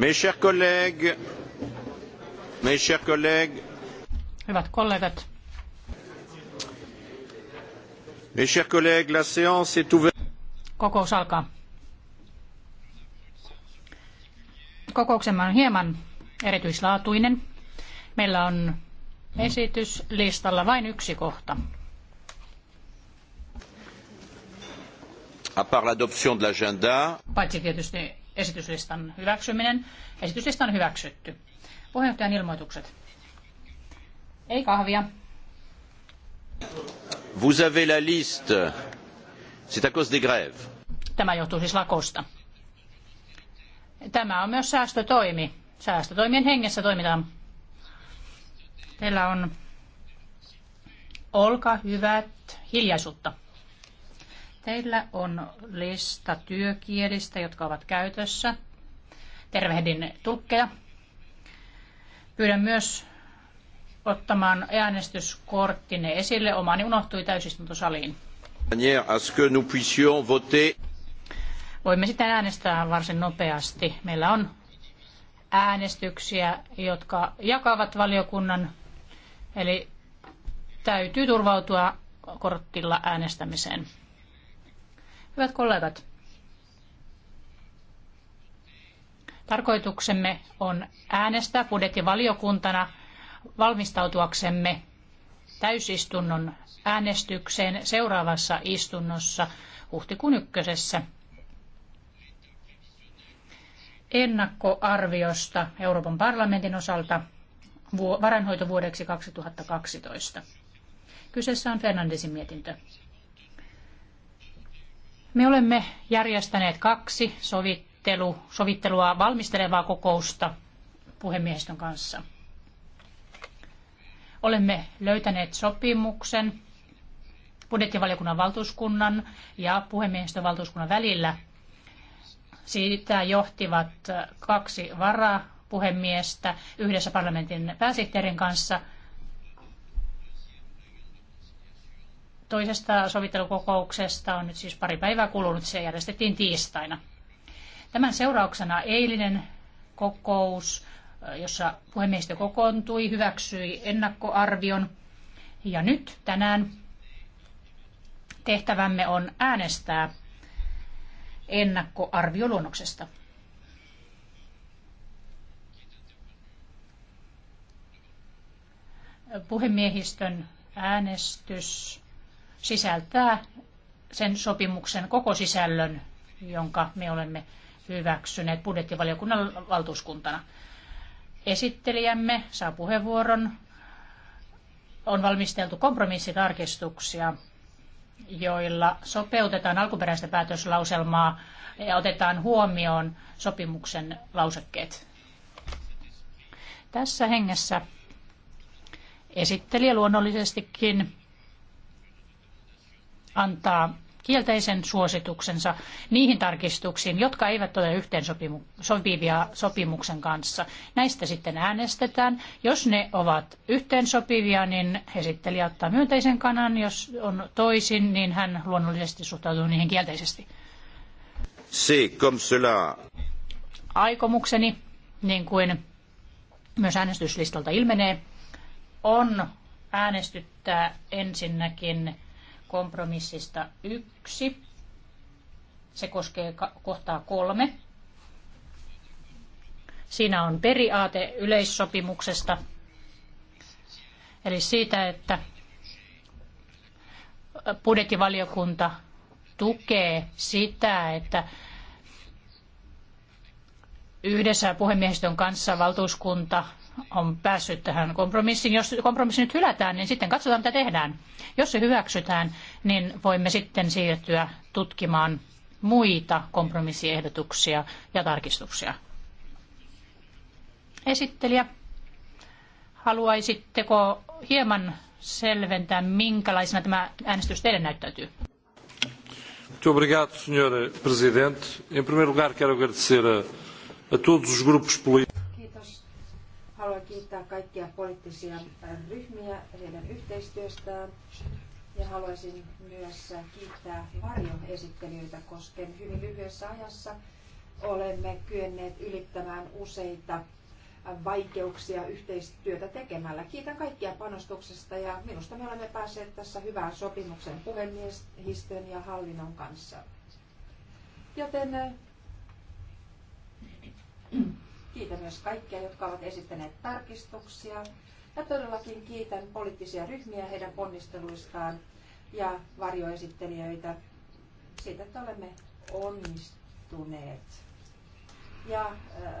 Mes chers collègues, mes chers collègues, Hyvät kollegat. Mes chers collègues, la séance est ouverte. Kokous alkaa. Kokouksemme on hieman erityislaatuinen. Meillä on esityslistalla vain yksi kohta. À part l'adoption de l'agenda esityslistan hyväksyminen. Esityslista on hyväksytty. Puheenjohtajan ilmoitukset. Ei kahvia. Vous avez la liste. C'est à cause des grèves. Tämä johtuu siis lakosta. Tämä on myös säästötoimi. Säästötoimien hengessä toimitaan. Teillä on, olka, hyvät, hiljaisuutta. Teillä on lista työkielistä, jotka ovat käytössä. Tervehdin tulkkeja. Pyydän myös ottamaan äänestyskorttinne esille. Omani unohtui täysistuntosaliin. Voimme sitten äänestää varsin nopeasti. Meillä on äänestyksiä, jotka jakavat valiokunnan, eli täytyy turvautua kortilla äänestämiseen. Hyvät kollegat, tarkoituksemme on äänestää budjettivaliokuntana valmistautuaksemme täysistunnon äänestykseen seuraavassa istunnossa huhtikuun ykkösessä ennakkoarviosta Euroopan parlamentin osalta varainhoitovuodeksi 2012. Kyseessä on Fernandesin mietintö. Me olemme järjestäneet kaksi sovittelu, sovittelua valmistelevaa kokousta puhemiehistön kanssa. Olemme löytäneet sopimuksen budjettivaliokunnan valtuuskunnan ja puhemiehistön valtuuskunnan välillä. Siitä johtivat kaksi varapuhemiestä yhdessä parlamentin pääsihteerin kanssa – Toisesta sovittelukokouksesta on nyt siis pari päivää kulunut, se järjestettiin tiistaina. Tämän seurauksena eilinen kokous, jossa puhemiehistö kokoontui, hyväksyi ennakkoarvion. Ja nyt tänään tehtävämme on äänestää ennakkoarvioluonnoksesta. Puhemiehistön äänestys sisältää sen sopimuksen koko sisällön, jonka me olemme hyväksyneet budjettivaliokunnan valtuuskuntana. Esittelijämme saa puheenvuoron. On valmisteltu kompromissitarkistuksia, joilla sopeutetaan alkuperäistä päätöslauselmaa ja otetaan huomioon sopimuksen lausekkeet. Tässä hengessä esittelijä luonnollisestikin antaa kielteisen suosituksensa niihin tarkistuksiin, jotka eivät ole yhteensopivia sopimuksen kanssa. Näistä sitten äänestetään. Jos ne ovat yhteensopivia, niin esittelijä ottaa myönteisen kannan. Jos on toisin, niin hän luonnollisesti suhtautuu niihin kielteisesti. Si, cela. Aikomukseni, niin kuin myös äänestyslistalta ilmenee, on äänestyttää ensinnäkin kompromissista yksi. Se koskee kohtaa kolme. Siinä on periaate yleissopimuksesta, eli siitä, että budjettivaliokunta tukee sitä, että Yhdessä puhemiehistön kanssa valtuuskunta on päässyt tähän kompromissiin. Jos kompromissi nyt hylätään, niin sitten katsotaan, mitä tehdään. Jos se hyväksytään, niin voimme sitten siirtyä tutkimaan muita kompromissiehdotuksia ja tarkistuksia. Esittelijä, haluaisitteko hieman selventää, minkälaisena tämä äänestys teille näyttäytyy? Muito obrigado, Presidente. Em primeiro lugar, quero agradecer a a todos os grupos políticos. Kiitos. Haluan kiittää kaikkia poliittisia äh, ryhmiä heidän yhteistyöstään. Ja haluaisin myös äh, kiittää varjoesittelijöitä, koska hyvin lyhyessä ajassa olemme kyenneet ylittämään useita äh, vaikeuksia yhteistyötä tekemällä. Kiitän kaikkia panostuksesta ja minusta me olemme päässeet tässä hyvään sopimuksen puhemiehistön ja hallinnon kanssa. Joten Kiitän myös kaikkia, jotka ovat esittäneet tarkistuksia. Ja todellakin kiitän poliittisia ryhmiä heidän ponnisteluistaan ja varjoesittelijöitä siitä, että olemme onnistuneet. Ja äh,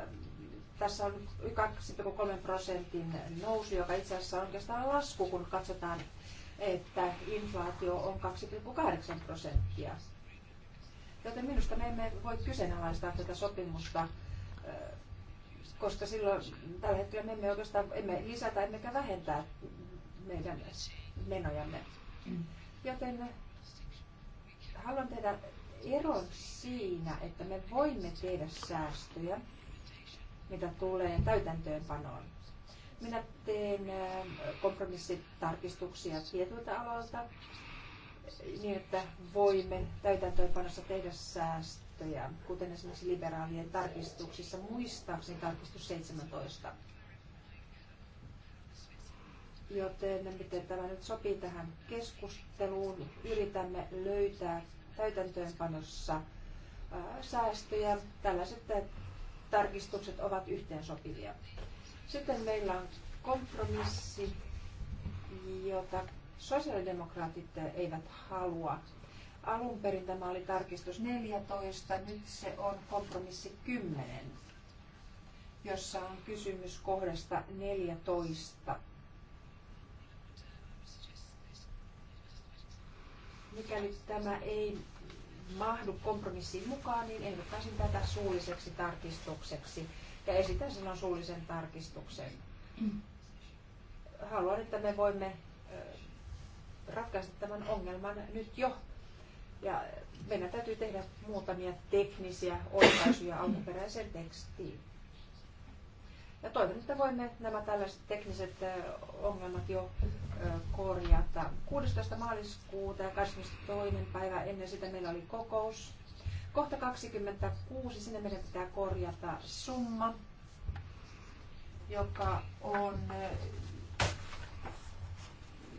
tässä on 2,3 prosentin nousu, joka itse asiassa on oikeastaan lasku, kun katsotaan, että inflaatio on 2,8 prosenttia. Joten minusta me emme voi kyseenalaistaa tätä sopimusta koska silloin tällä hetkellä me emme oikeastaan emme lisätä emmekä vähentää meidän menojamme. Joten haluan tehdä ero siinä, että me voimme tehdä säästöjä, mitä tulee täytäntöönpanoon. Minä teen kompromissitarkistuksia tietyiltä aloilta niin, että voimme täytäntöönpanossa tehdä säästöjä vaihtoehtoja, kuten esimerkiksi liberaalien tarkistuksissa muistaakseni siis tarkistus 17. Joten miten tämä nyt sopii tähän keskusteluun, yritämme löytää täytäntöönpanossa säästöjä. Tällaiset tarkistukset ovat yhteensopivia. Sitten meillä on kompromissi, jota sosiaalidemokraatit eivät halua Alun perin tämä oli tarkistus 14, nyt se on kompromissi 10, jossa on kysymys kohdasta 14. Mikäli tämä ei mahdu kompromissiin mukaan, niin ehdottaisin tätä suulliseksi tarkistukseksi ja esitän silloin suullisen tarkistuksen. Haluan, että me voimme ratkaista tämän ongelman nyt jo ja meidän täytyy tehdä muutamia teknisiä oikaisuja alkuperäiseen tekstiin. Ja toivon, että voimme nämä tällaiset tekniset ongelmat jo korjata. 16. maaliskuuta ja 22. päivä ennen sitä meillä oli kokous. Kohta 26, sinne meidän pitää korjata summa, joka on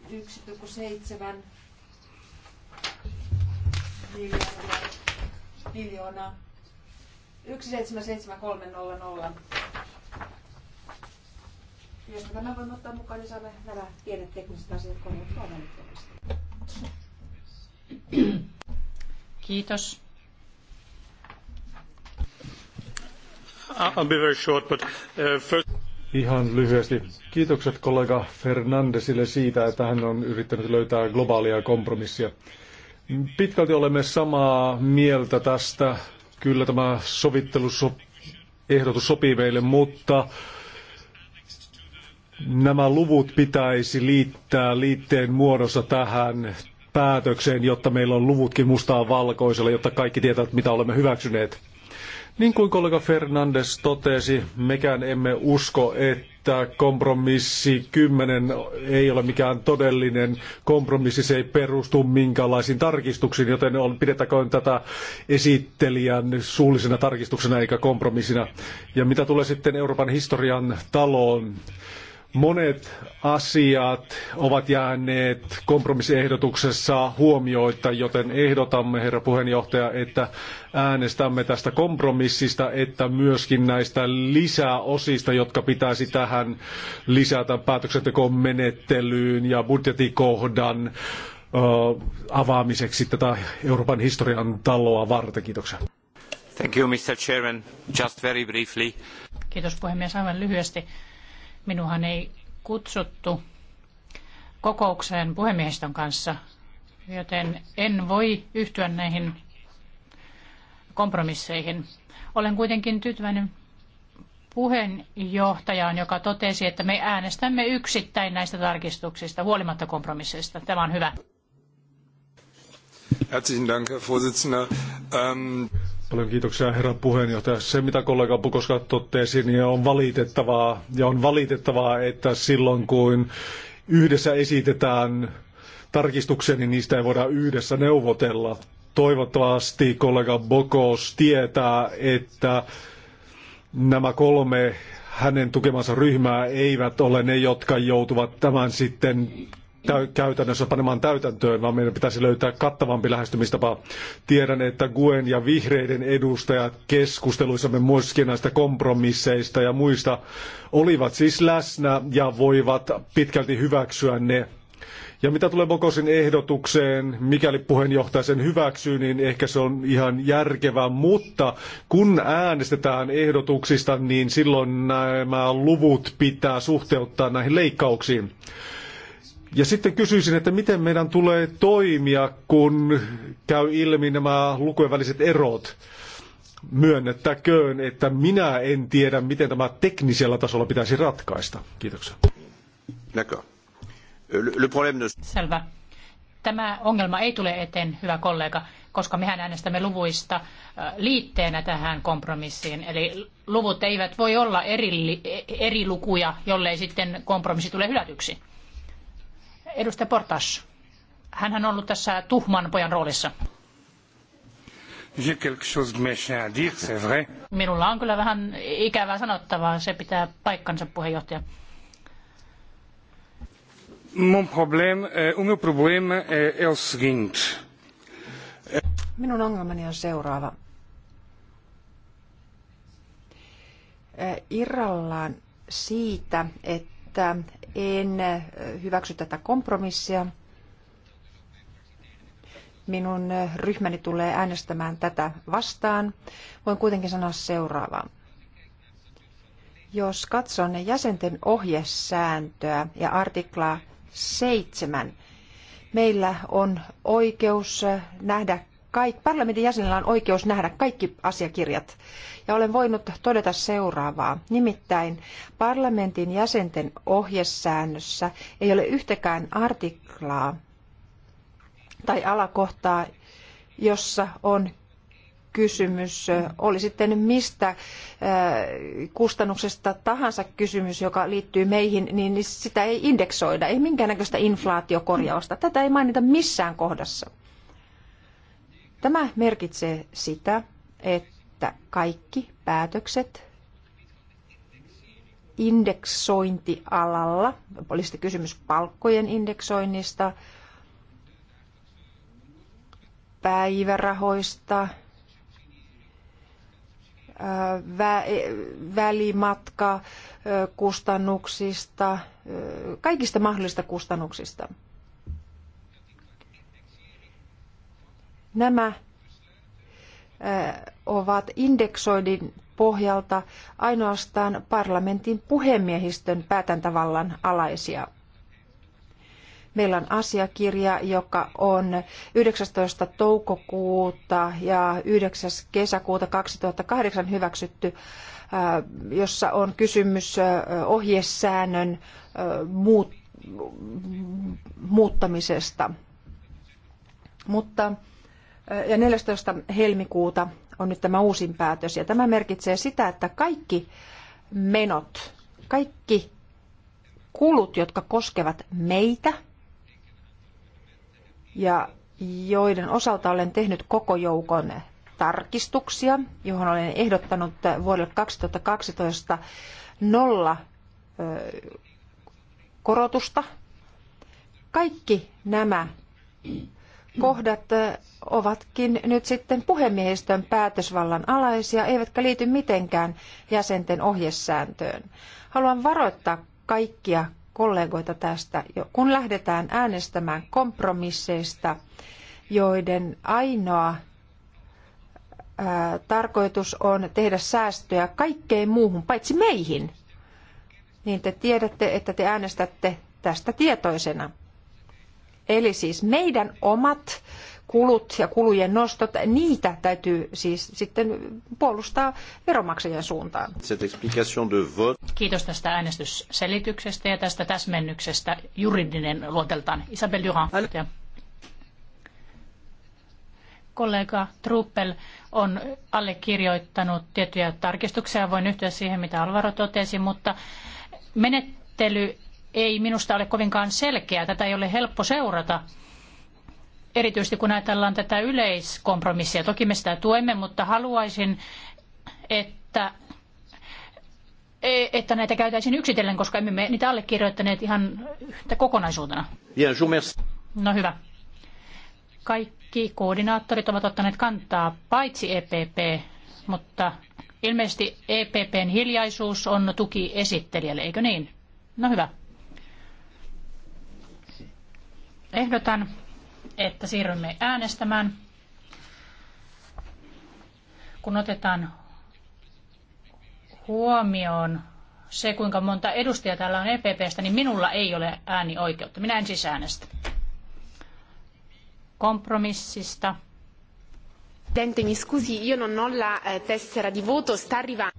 1,7 miljardia, miljoonaa. 177300. Jos me tämän voimme ottaa mukaan, niin saamme nämä pienet tekniset asiat korjattua välittömästi. Kiitos. I'll be very short, but uh, first... Ihan lyhyesti. Kiitokset kollega Fernandesille siitä, että hän on yrittänyt löytää globaalia kompromissia. Pitkälti olemme samaa mieltä tästä. Kyllä tämä sovitteluehdotus sopii meille, mutta nämä luvut pitäisi liittää liitteen muodossa tähän päätökseen, jotta meillä on luvutkin mustaa valkoisella, jotta kaikki tietävät, mitä olemme hyväksyneet. Niin kuin kollega Fernandes totesi, mekään emme usko, että että kompromissi 10 ei ole mikään todellinen kompromissi, se ei perustu minkäänlaisiin tarkistuksiin, joten on, pidetäköön tätä esittelijän suullisena tarkistuksena eikä kompromissina. Ja mitä tulee sitten Euroopan historian taloon, Monet asiat ovat jääneet kompromissiehdotuksessa huomioita, joten ehdotamme, herra puheenjohtaja, että äänestämme tästä kompromissista, että myöskin näistä lisäosista, jotka pitäisi tähän lisätä päätöksentekoon menettelyyn ja budjetikohdan avaamiseksi tätä Euroopan historian taloa varten. Kiitoksia. Thank you, Mr. Chairman. Just very briefly. Kiitos puhemies. Aivan lyhyesti Minuhan ei kutsuttu kokoukseen puhemiehistön kanssa, joten en voi yhtyä näihin kompromisseihin. Olen kuitenkin tyytyväinen puheenjohtajaan, joka totesi, että me äänestämme yksittäin näistä tarkistuksista huolimatta kompromisseista. Tämä on hyvä. Herzlichen Dank, Herr Vorsitzender. Ähm... Paljon kiitoksia herra puheenjohtaja. Se mitä kollega Pukoska totesi, niin on valitettavaa. Ja on valitettavaa, että silloin kun yhdessä esitetään tarkistuksia, niin niistä ei voida yhdessä neuvotella. Toivottavasti kollega Bokos tietää, että nämä kolme hänen tukemansa ryhmää eivät ole ne, jotka joutuvat tämän sitten käytännössä panemaan täytäntöön, vaan meidän pitäisi löytää kattavampi lähestymistapa. Tiedän, että Guen ja vihreiden edustajat keskusteluissamme myöskin näistä kompromisseista ja muista olivat siis läsnä ja voivat pitkälti hyväksyä ne. Ja mitä tulee Bokosin ehdotukseen, mikäli puheenjohtaja sen hyväksyy, niin ehkä se on ihan järkevää, mutta kun äänestetään ehdotuksista, niin silloin nämä luvut pitää suhteuttaa näihin leikkauksiin. Ja sitten kysyisin, että miten meidän tulee toimia, kun käy ilmi nämä lukujen väliset erot. Myönnettäköön, että minä en tiedä, miten tämä teknisellä tasolla pitäisi ratkaista. Kiitoksia. Selvä. Tämä ongelma ei tule eteen, hyvä kollega, koska mehän äänestämme luvuista liitteenä tähän kompromissiin. Eli luvut eivät voi olla eri, e, eri lukuja, jollei sitten kompromissi tule hylätyksi. Edustaja Portas, hän on ollut tässä tuhman pojan roolissa. Minulla on kyllä vähän ikävää sanottavaa, se pitää paikkansa puheenjohtaja. Mon euh, euh, Minun ongelmani on seuraava. Äh, irrallaan siitä, että että en hyväksy tätä kompromissia. Minun ryhmäni tulee äänestämään tätä vastaan. Voin kuitenkin sanoa seuraavaa. Jos katson jäsenten ohjesääntöä ja artiklaa 7, meillä on oikeus nähdä kaikki, parlamentin jäsenillä on oikeus nähdä kaikki asiakirjat. Ja olen voinut todeta seuraavaa. Nimittäin parlamentin jäsenten ohjesäännössä ei ole yhtäkään artiklaa tai alakohtaa, jossa on kysymys, oli sitten mistä äh, kustannuksesta tahansa kysymys, joka liittyy meihin, niin sitä ei indeksoida, ei minkäännäköistä inflaatiokorjausta. Tätä ei mainita missään kohdassa. Tämä merkitsee sitä, että kaikki päätökset indeksointialalla, oli sitten kysymys palkkojen indeksoinnista, päivärahoista, vä- e, välimatkakustannuksista, kustannuksista, kaikista mahdollisista kustannuksista – Nämä äh, ovat indeksoidin pohjalta ainoastaan parlamentin puhemiehistön päätäntävallan alaisia. Meillä on asiakirja, joka on 19. toukokuuta ja 9. kesäkuuta 2008 hyväksytty, äh, jossa on kysymys äh, ohjesäännön muuttamisesta. Mutta ja 14. helmikuuta on nyt tämä uusin päätös. Ja tämä merkitsee sitä, että kaikki menot, kaikki kulut, jotka koskevat meitä ja joiden osalta olen tehnyt koko joukon tarkistuksia, johon olen ehdottanut vuodelle 2012 nolla korotusta. Kaikki nämä kohdat ovatkin nyt sitten puhemiehistön päätösvallan alaisia, eivätkä liity mitenkään jäsenten ohjesääntöön. Haluan varoittaa kaikkia kollegoita tästä, kun lähdetään äänestämään kompromisseista, joiden ainoa ää, tarkoitus on tehdä säästöjä kaikkeen muuhun, paitsi meihin, niin te tiedätte, että te äänestätte tästä tietoisena. Eli siis meidän omat kulut ja kulujen nostot, niitä täytyy siis sitten puolustaa veronmaksajien suuntaan. Kiitos tästä äänestysselityksestä ja tästä täsmennyksestä juridinen luoteltaan. Isabel Durand. Kollega Truppel on allekirjoittanut tiettyjä tarkistuksia. Voin yhtyä siihen, mitä Alvaro totesi, mutta menettely ei minusta ole kovinkaan selkeä. Tätä ei ole helppo seurata, erityisesti kun ajatellaan tätä yleiskompromissia. Toki me sitä tuemme, mutta haluaisin, että e, että näitä käytäisiin yksitellen, koska emme me niitä allekirjoittaneet ihan yhtä kokonaisuutena. No hyvä. Kaikki koordinaattorit ovat ottaneet kantaa, paitsi EPP, mutta ilmeisesti EPPn hiljaisuus on tuki esittelijälle, eikö niin? No hyvä. Ehdotan, että siirrymme äänestämään. Kun otetaan huomioon se, kuinka monta edustajaa täällä on EPPstä, niin minulla ei ole äänioikeutta. Minä en siis äänestä. Kompromissista. Presidente, mi scusi, io non ho la eh, tessera di voto, sta arrivando.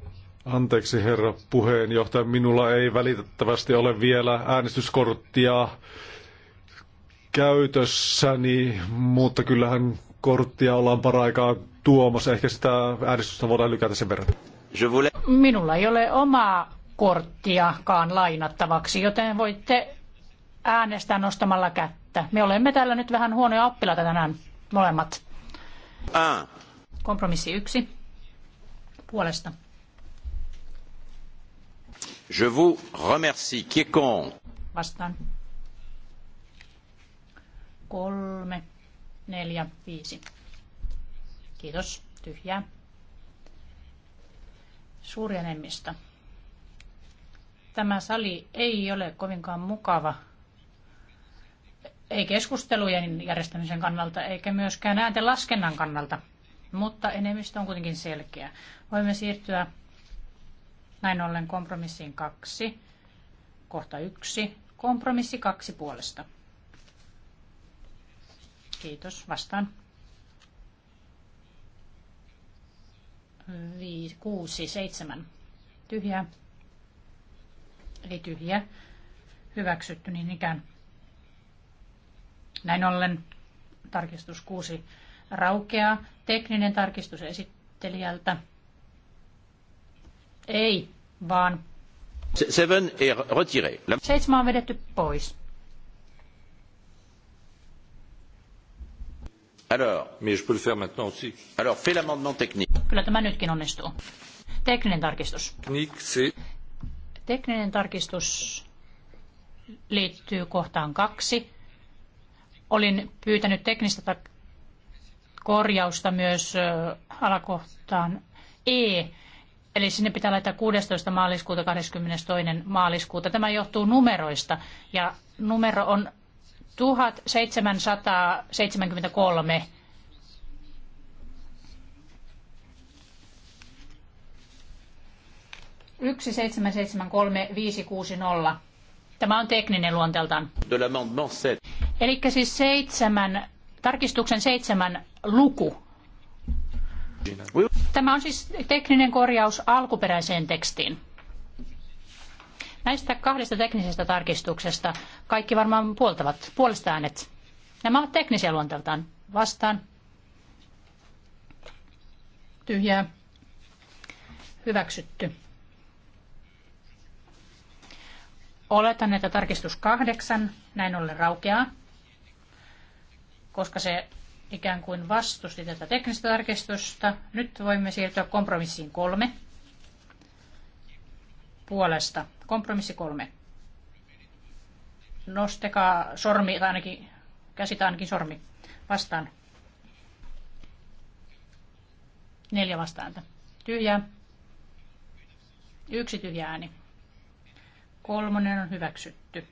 Anteeksi herra puheenjohtaja, minulla ei välitettävästi ole vielä äänestyskorttia käytössäni, mutta kyllähän korttia ollaan paraikaa tuomassa. Ehkä sitä äänestystä voidaan lykätä sen verran. Minulla ei ole omaa korttiakaan lainattavaksi, joten voitte äänestää nostamalla kättä. Me olemme täällä nyt vähän huonoja oppilaita tänään, molemmat. Ah. Kompromissi yksi. Puolesta. Je vous remercie. Qui est con? Vastaan. Kolme, neljä, viisi. Kiitos. Tyhjää. Suuri enemmistö. Tämä sali ei ole kovinkaan mukava ei keskustelujen järjestämisen kannalta eikä myöskään äänten laskennan kannalta, mutta enemmistö on kuitenkin selkeä. Voimme siirtyä näin ollen kompromissiin kaksi, kohta yksi, kompromissi kaksi puolesta. Kiitos. Vastaan. Vi, kuusi, seitsemän. tyhjä Ei tyhjä Hyväksytty niin ikään. Näin ollen tarkistus kuusi raukeaa. Tekninen tarkistus esittelijältä. Ei, vaan. Seven est retiré. Seitsemän on vedetty pois. Alors, mais je peux le faire maintenant aussi. Alors, fais l'amendement technique. Kyllä tämä nytkin onnistuu. Tekninen tarkistus. Technique, c'est... Tekninen tarkistus liittyy kohtaan kaksi. Olin pyytänyt teknistä tar- korjausta myös alakohtaan E. Eli sinne pitää laittaa 16. maaliskuuta 22. maaliskuuta. Tämä johtuu numeroista ja numero on 1773 1773560. Tämä on tekninen luonteeltaan. Eli siis seitsemän, tarkistuksen seitsemän luku. Tämä on siis tekninen korjaus alkuperäiseen tekstiin. Näistä kahdesta teknisestä tarkistuksesta kaikki varmaan puoltavat, puolesta äänet. Nämä ovat teknisiä luonteeltaan. Vastaan. Tyhjää. Hyväksytty. Oletan, että tarkistus kahdeksan näin ollen raukeaa, koska se ikään kuin vastusti tätä teknistä tarkistusta. Nyt voimme siirtyä kompromissiin kolme puolesta Kompromissi kolme. Nostakaa sormi, tai ainakin käsitä ainakin sormi vastaan. Neljä vastaanta. tyhjä, Yksi tyhjä ääni. Kolmonen on hyväksytty.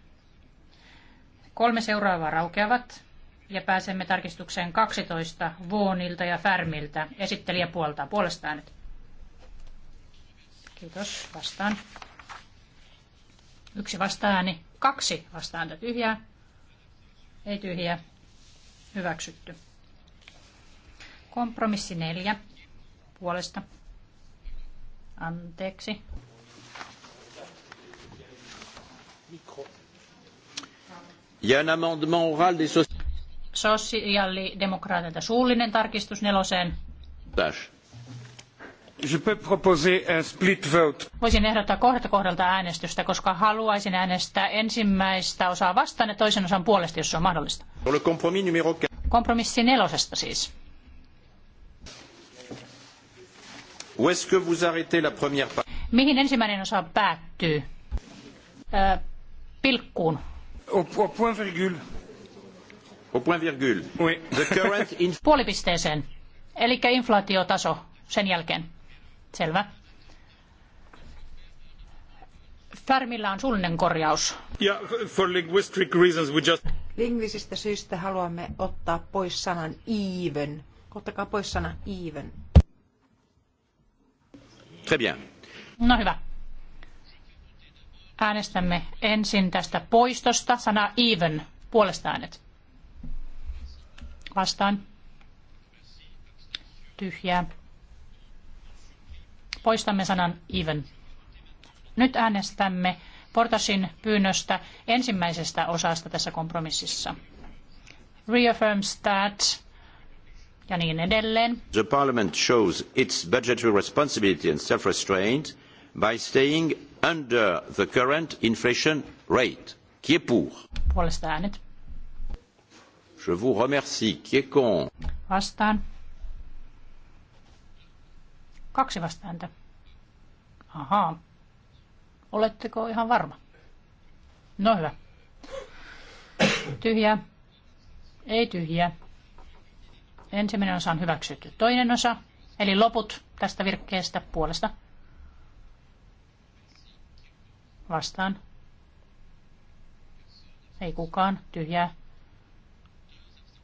Kolme seuraavaa raukeavat ja pääsemme tarkistukseen 12 Vuonilta ja Färmiltä. Esittelijä puoltaa puolestaan nyt. Kiitos. Vastaan. Yksi vastaääni, kaksi vastaääntä tyhjää, ei tyhjää, hyväksytty. Kompromissi neljä puolesta. Anteeksi. Sosiaalidemokraatilta suullinen tarkistus neloseen. Tash. Voisin ehdottaa kohta kohdalta äänestystä, koska haluaisin äänestää ensimmäistä osaa vastaan ja toisen osan puolesta, jos se on mahdollista. Kompromissi nelosesta siis. Mihin ensimmäinen osa päättyy? Ö, pilkkuun. Au, point virgule. Au point virgule. Oui. The current Puolipisteeseen. Eli inflaatiotaso sen jälkeen. Selvä. Färmillä on suullinen korjaus. Yeah, for linguistic reasons we just... Lingvisistä syistä haluamme ottaa pois sanan even. Ottakaa pois sana even. Très bien. No hyvä. Äänestämme ensin tästä poistosta sana even puolesta äänet. Vastaan. Tyhjää poistamme sanan even. Nyt äänestämme Portasin pyynnöstä ensimmäisestä osasta tässä kompromississa. Reaffirms that ja niin edelleen. The parliament shows its budgetary responsibility and self-restraint by staying under the current inflation rate. Qui est pour? Puolesta äänet. Je vous remercie. Qui est contre? Vastaan. Kaksi vastaantä. Ahaa. Oletteko ihan varma? No hyvä. Tyhjä. Ei tyhjä. Ensimmäinen osa on hyväksytty. Toinen osa, eli loput tästä virkkeestä puolesta. Vastaan. Ei kukaan. Tyhjää.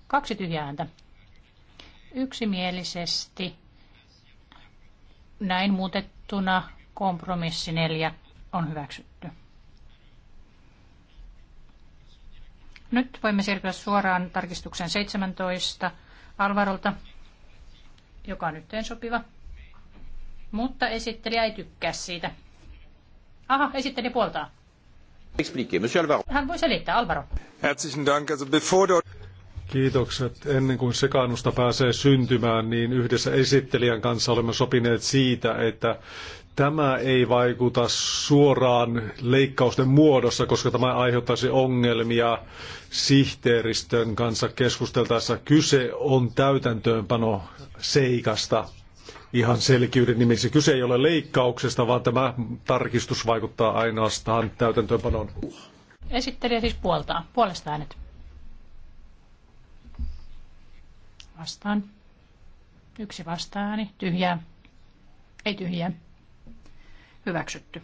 Kaksi tyhjää ääntä. Yksimielisesti näin muutettuna kompromissi 4 on hyväksytty. Nyt voimme siirtyä suoraan tarkistukseen 17 Alvarolta, joka on yhteen sopiva. Mutta esittelijä ei tykkää siitä. Aha, esittelijä puoltaa. Hän voi selittää, Alvaro. Herzlichen Dank. Also bevor Kiitokset. Ennen kuin sekaannusta pääsee syntymään, niin yhdessä esittelijän kanssa olemme sopineet siitä, että tämä ei vaikuta suoraan leikkausten muodossa, koska tämä aiheuttaisi ongelmia sihteeristön kanssa keskusteltaessa. Kyse on täytäntöönpano seikasta ihan selkeyden nimissä. Kyse ei ole leikkauksesta, vaan tämä tarkistus vaikuttaa ainoastaan täytäntöönpanoon. Esittelijä siis puoltaa. Puolesta äänet. vastaan. Yksi vastaani. Tyhjää. Ei tyhjää. Hyväksytty.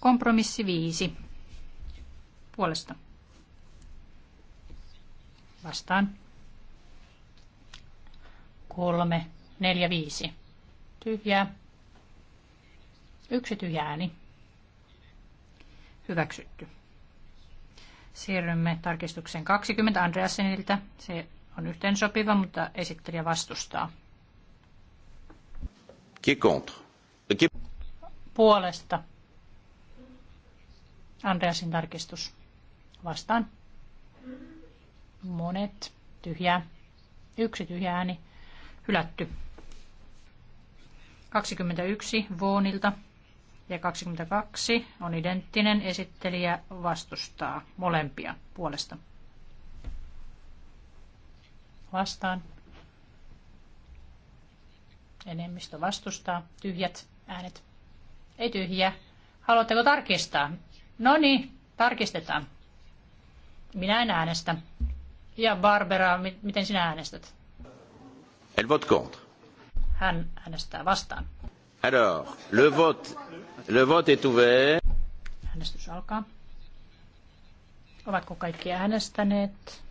Kompromissi viisi. Puolesta. Vastaan. Kolme, neljä, viisi. Tyhjää. Yksi tyhjääni. Hyväksytty. Siirrymme tarkistukseen 20 Andreasenilta. Se on sopiva, mutta esittelijä vastustaa. Qui contre? Qui... Puolesta. Andreasin tarkistus. Vastaan. Monet. Tyhjää. Yksi tyhjä ääni. Hylätty. 21 Voonilta ja 22 on identtinen. Esittelijä vastustaa molempia puolesta vastaan. Enemmistö vastustaa. Tyhjät äänet. Ei tyhjiä. Haluatteko tarkistaa? No niin, tarkistetaan. Minä en äänestä. Ja Barbara, miten sinä äänestät? Elle vote contre. Hän äänestää vastaan. Alors, le vote, le vote est ouvert. Äänestys alkaa. Ovatko kaikki äänestäneet?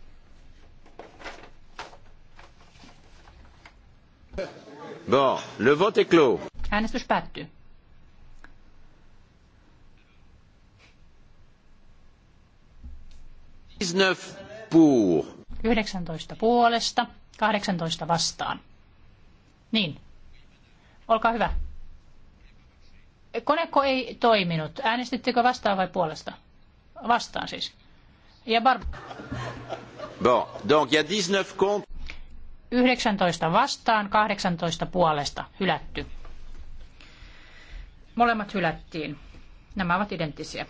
Bon, le vote est clos. Äänestys päättyy. Pour. 19 puolesta, 18 vastaan. Niin. Olkaa hyvä. Koneko ei toiminut. Äänestittekö vastaan vai puolesta? Vastaan siis. Ja Barb... Bon, donc il y a 19 contre. 19 vastaan, 18 puolesta hylätty. Molemmat hylättiin. Nämä ovat identtisiä.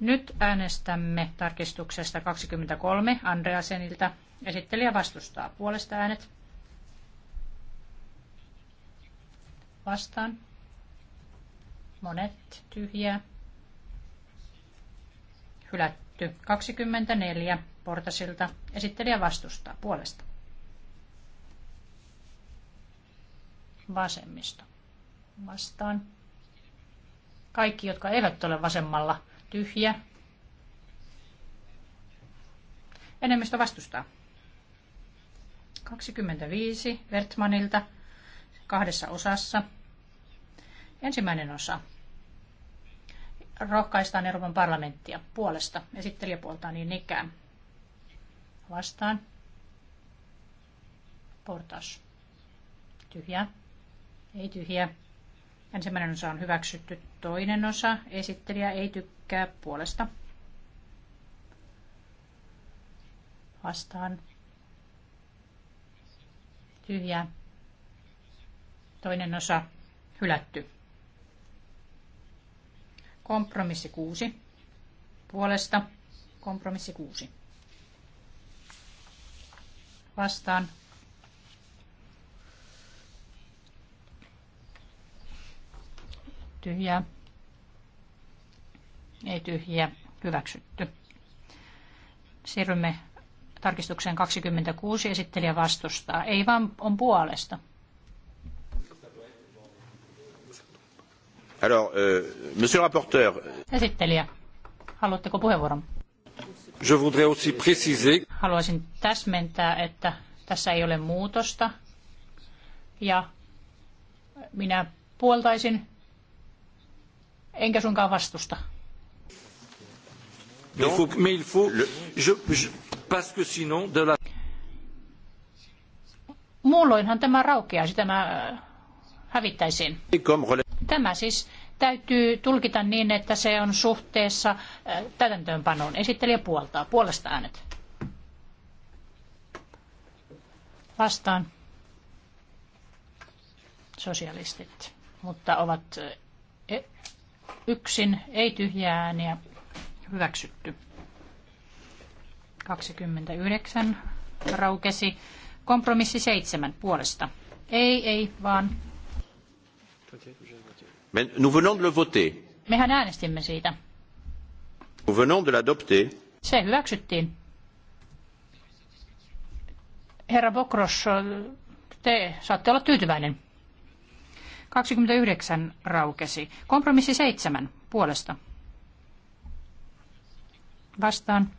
Nyt äänestämme tarkistuksesta 23 Andreasenilta. Esittelijä vastustaa. Puolesta äänet. Vastaan. Monet tyhjää. Hylätty. 24 Portasilta. Esittelijä vastustaa. Puolesta. Vasemmisto. Vastaan. Kaikki, jotka eivät ole vasemmalla. Tyhjä. Enemmistö vastustaa. 25 Vertmanilta kahdessa osassa. Ensimmäinen osa. Rohkaistaan Euroopan parlamenttia puolesta. Esittelijä puolta niin ikään. Vastaan. Portas. Tyhjää. Ei tyhjä. Ensimmäinen osa on hyväksytty. Toinen osa. Esittelijä ei tykkää puolesta. Vastaan. Tyhjä. Toinen osa hylätty. Kompromissi 6. Puolesta. Kompromissi 6. Vastaan. tyhjää, ei tyhjiä, hyväksytty. Siirrymme tarkistukseen 26, esittelijä vastustaa. Ei vaan on puolesta. Alors, euh, monsieur rapporteur. Esittelijä, haluatteko puheenvuoron? Je voudrais aussi préciser. Haluaisin täsmentää, että tässä ei ole muutosta. Ja minä puoltaisin enkä sunkaan vastusta. Muulloinhan tämä raukeaisi, tämä äh, hävittäisiin. Tämä siis täytyy tulkita niin, että se on suhteessa äh, täytäntöönpanoon. Esittelijä puoltaa. Puolesta äänet. Vastaan. Sosialistit, mutta ovat äh, e- yksin, ei tyhjää ääniä, hyväksytty. 29 raukesi. Kompromissi 7 puolesta. Ei, ei, vaan. Mais nous venons de le voter. Mehän äänestimme siitä. Nous venons de l'adopter. Se hyväksyttiin. Herra Bokros, te saatte olla tyytyväinen. 29 raukesi. Kompromissi 7 puolesta. Vastaan.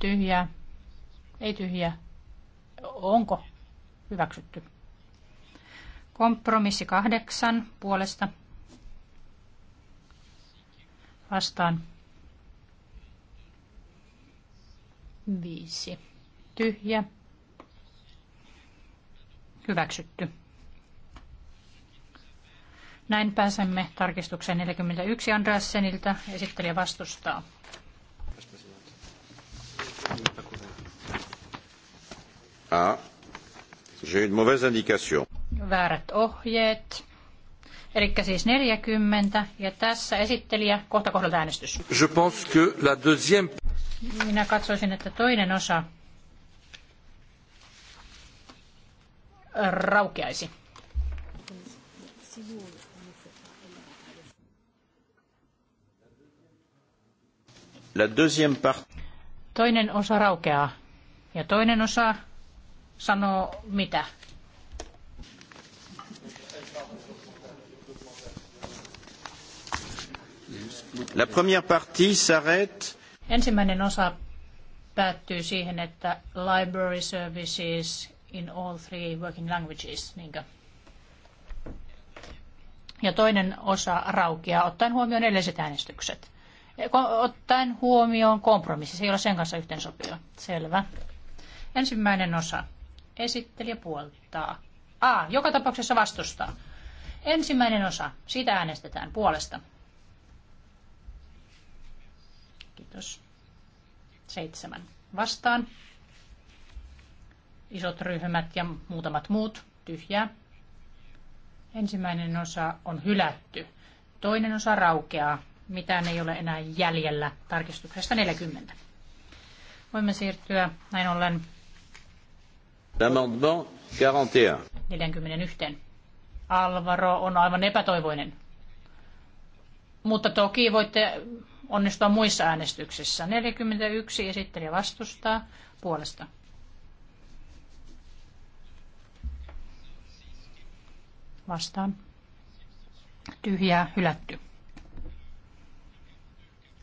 Tyhjää. Ei tyhjää. Onko hyväksytty? Kompromissi 8 puolesta. Vastaan. Viisi. Tyhjä. Hyväksytty. Näin pääsemme tarkistukseen 41 Andreasenilta. Esittelijä vastustaa. Ah, j'ai une mauvaise indication. Väärät ohjeet. Eli siis 40, ja tässä esittelijä kohta kohdalta äänestys. Je pense que la deuxième... Minä katsoisin, että toinen osa raukeaisi. Toinen osa raukeaa. Ja toinen osa sanoo mitä? La première partie s'arrête. Ensimmäinen osa päättyy siihen, että library services in all three working languages, niinkö? Ja toinen osa raukeaa ottaen huomioon edelliset äänestykset. Ottaen huomioon kompromissi, se ei ole sen kanssa yhteensopiva. Selvä. Ensimmäinen osa. Esittelijä puoltaa. A. Joka tapauksessa vastustaa. Ensimmäinen osa. Siitä äänestetään puolesta. Kiitos. Seitsemän. Vastaan isot ryhmät ja muutamat muut, tyhjää. Ensimmäinen osa on hylätty. Toinen osa raukeaa. Mitään ei ole enää jäljellä tarkistuksesta 40. Voimme siirtyä näin ollen L'amendement 41. 41. Alvaro on aivan epätoivoinen. Mutta toki voitte onnistua muissa äänestyksissä. 41 esittelijä vastustaa puolesta. vastaan tyhjää hylätty.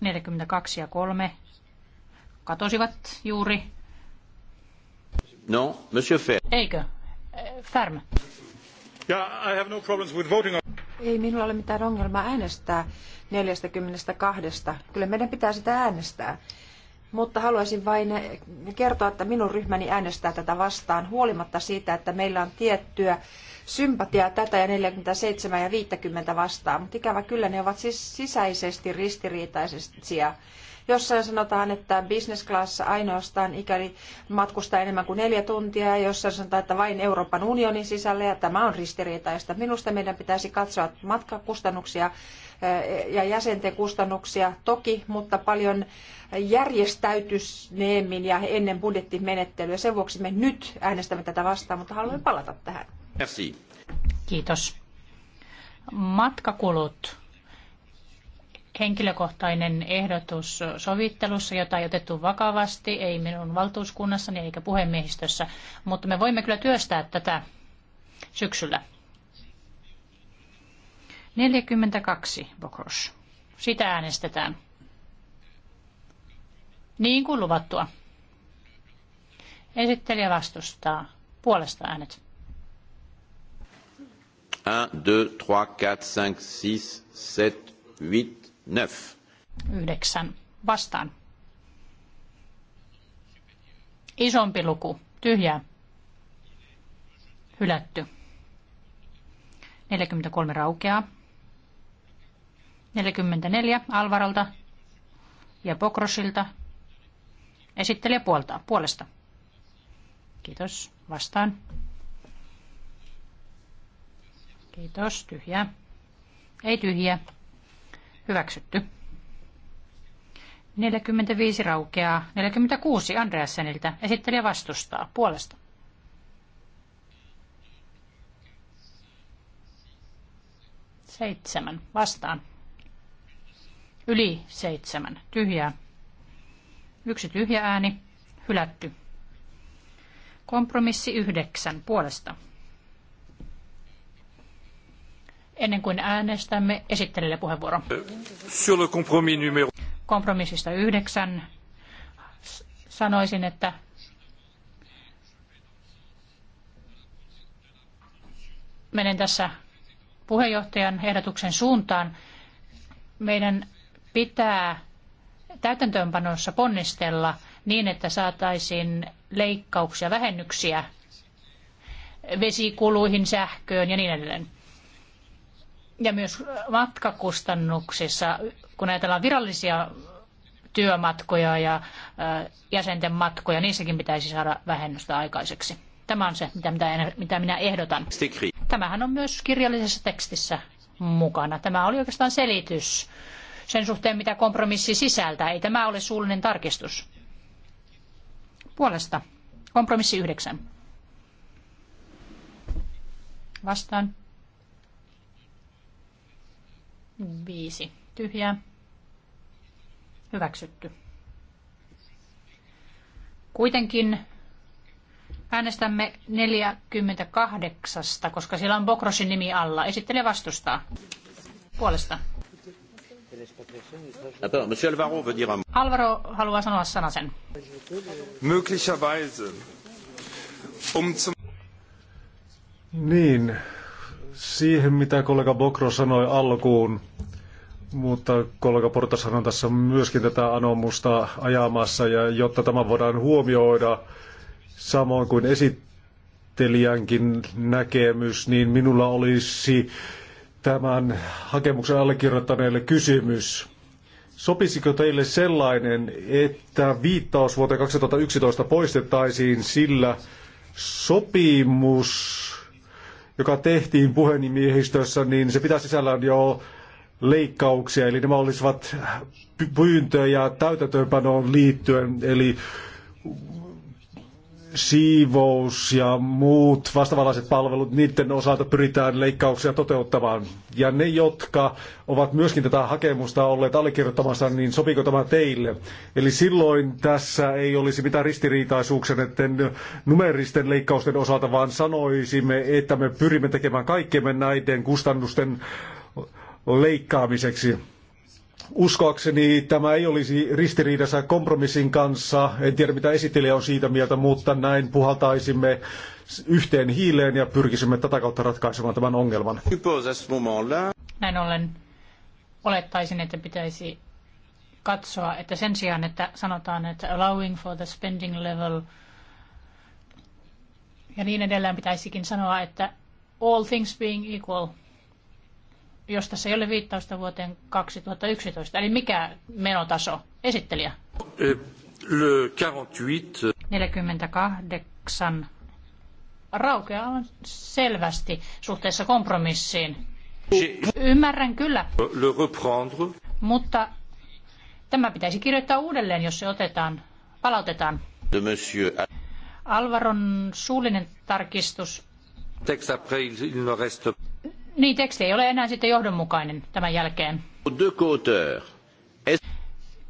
42 ja 3 katosivat juuri. No, Monsieur Fer. Eikö? Färm. Yeah, I have no problems with voting on... Ei minulla ole mitään ongelmaa äänestää 42. Kyllä meidän pitää sitä äänestää mutta haluaisin vain kertoa, että minun ryhmäni äänestää tätä vastaan huolimatta siitä, että meillä on tiettyä sympatiaa tätä ja 47 ja 50 vastaan, mutta ikävä kyllä ne ovat siis sisäisesti ristiriitaisia. Jossain sanotaan, että business class ainoastaan ikäli matkustaa enemmän kuin neljä tuntia ja jossain sanotaan, että vain Euroopan unionin sisällä ja tämä on ristiriitaista. Minusta meidän pitäisi katsoa matkakustannuksia ja jäsenten kustannuksia toki, mutta paljon järjestäytyneemmin ja ennen budjettimenettelyä. Sen vuoksi me nyt äänestämme tätä vastaan, mutta haluamme palata tähän. Merci. Kiitos. Matkakulut. Henkilökohtainen ehdotus sovittelussa, jota ei otettu vakavasti, ei minun valtuuskunnassani eikä puhemiehistössä, mutta me voimme kyllä työstää tätä syksyllä. 42, Bokros. Sitä äänestetään. Niin kuin luvattua. Esittelijä vastustaa. Puolesta äänet. 1, 2, 3, 4, 5, 6, 7, 8, 9. 9. Vastaan. Isompi luku. Tyhjää. Hylätty. 43 raukeaa. 44 Alvarolta ja Pokrosilta. Esittelijä puolta, puolesta. Kiitos. Vastaan. Kiitos. Tyhjää. Ei tyhjää. Hyväksytty. 45 raukeaa. 46 Andreasseniltä. Esittelijä vastustaa. Puolesta. Seitsemän. Vastaan. Yli seitsemän. Tyhjää. Yksi tyhjä ääni. Hylätty. Kompromissi yhdeksän puolesta. Ennen kuin äänestämme, esittelijälle puheenvuoro. Sur le compromis numero... Kompromissista yhdeksän sanoisin, että menen tässä puheenjohtajan ehdotuksen suuntaan. Meidän pitää täytäntöönpanossa ponnistella niin, että saataisiin leikkauksia, vähennyksiä vesikuluihin, sähköön ja niin edelleen. Ja myös matkakustannuksissa, kun ajatellaan virallisia työmatkoja ja äh, jäsenten matkoja, niissäkin pitäisi saada vähennystä aikaiseksi. Tämä on se, mitä minä ehdotan. Tämähän on myös kirjallisessa tekstissä mukana. Tämä oli oikeastaan selitys sen suhteen, mitä kompromissi sisältää. Ei tämä ole suullinen tarkistus. Puolesta. Kompromissi yhdeksän. Vastaan. Viisi. Tyhjää. Hyväksytty. Kuitenkin äänestämme 48, koska siellä on Bokrosin nimi alla. Esittelijä vastustaa. Puolesta. Monsieur Alvaro veut dire un mot. Alvaro haluaa sanoa sanasen. Möglicherweise. Um zum... Niin, siihen mitä kollega Bokro sanoi alkuun, mutta kollega Portashan on tässä myöskin tätä anomusta ajamassa, ja jotta tämä voidaan huomioida, samoin kuin esittelijänkin näkemys, niin minulla olisi tämän hakemuksen allekirjoittaneelle kysymys. Sopisiko teille sellainen, että viittaus vuoteen 2011 poistettaisiin sillä sopimus, joka tehtiin puheenimiehistössä, niin se pitää sisällään jo leikkauksia, eli nämä olisivat pyyntöjä täytäntöönpanoon liittyen, eli siivous ja muut vastaavanlaiset palvelut, niiden osalta pyritään leikkauksia toteuttamaan. Ja ne, jotka ovat myöskin tätä hakemusta olleet allekirjoittamassa, niin sopiiko tämä teille? Eli silloin tässä ei olisi mitään ristiriitaisuuksia näiden numeristen leikkausten osalta, vaan sanoisimme, että me pyrimme tekemään kaikkemme näiden kustannusten leikkaamiseksi. Uskoakseni tämä ei olisi ristiriidassa kompromissin kanssa. En tiedä mitä esittelijä on siitä mieltä, mutta näin puhaltaisimme yhteen hiileen ja pyrkisimme tätä kautta ratkaisemaan tämän ongelman. Näin ollen olettaisin, että pitäisi katsoa, että sen sijaan, että sanotaan, että allowing for the spending level ja niin edelleen pitäisikin sanoa, että all things being equal – jos tässä ei ole viittausta vuoteen 2011, eli mikä menotaso? Esittelijä. Eh, le 48. 48 raukea on selvästi suhteessa kompromissiin. Ymmärrän kyllä. Le reprendre. Mutta tämä pitäisi kirjoittaa uudelleen, jos se otetaan, palautetaan. De monsieur... Alvaron suullinen tarkistus. après, il ne reste niin, teksti ei ole enää sitten johdonmukainen tämän jälkeen.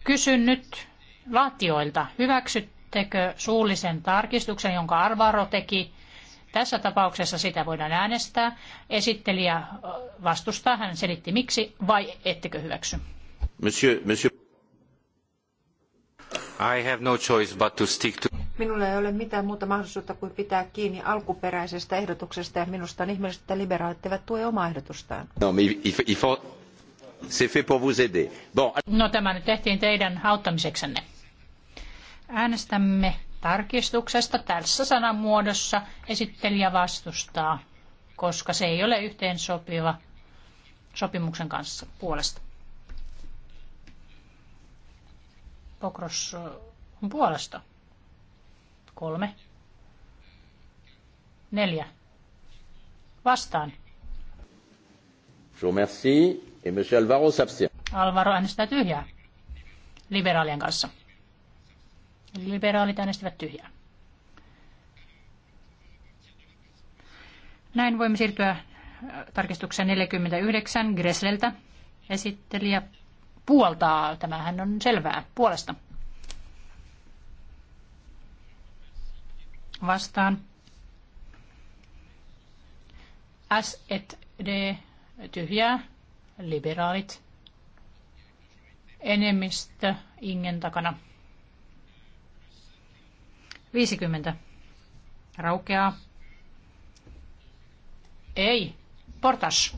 Kysyn nyt laatioilta, hyväksyttekö suullisen tarkistuksen, jonka Arvaro teki? Tässä tapauksessa sitä voidaan äänestää. Esittelijä vastustaa, hän selitti miksi, vai ettekö hyväksy? Monsieur, monsieur... I have no choice but to stick to... Minulla ei ole mitään muuta mahdollisuutta kuin pitää kiinni alkuperäisestä ehdotuksesta ja minusta on ihmeellistä, että liberaalit eivät tue omaa ehdotustaan. No, il faut... C'est fait pour vous aider. Bon. No tämä nyt tehtiin teidän auttamiseksenne. Äänestämme tarkistuksesta tässä sanamuodossa esittelijä vastustaa, koska se ei ole yhteensopiva sopimuksen kanssa puolesta. Bokros on puolesta. Kolme. Neljä. Vastaan. Je remercie. Et monsieur Alvaro s'abstient. Alvaro äänestää tyhjää. Liberaalien kanssa. Liberaalit äänestivät tyhjää. Näin voimme siirtyä tarkistukseen 49 Gresleltä. Esittelijä puoltaa. Tämähän on selvää puolesta. Vastaan. S et D tyhjää. Liberaalit. Enemmistö ingen takana. 50. Raukeaa. Ei. Portas.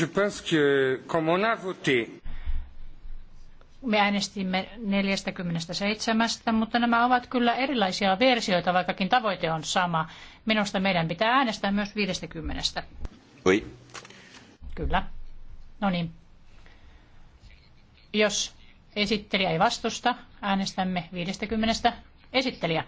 Je pense que, comme on a voté... Me äänestimme 47, mutta nämä ovat kyllä erilaisia versioita, vaikkakin tavoite on sama. Minusta meidän pitää äänestää myös 50. Oi. Kyllä. No niin. Jos esittelijä ei vastusta, äänestämme 50 esittelijä.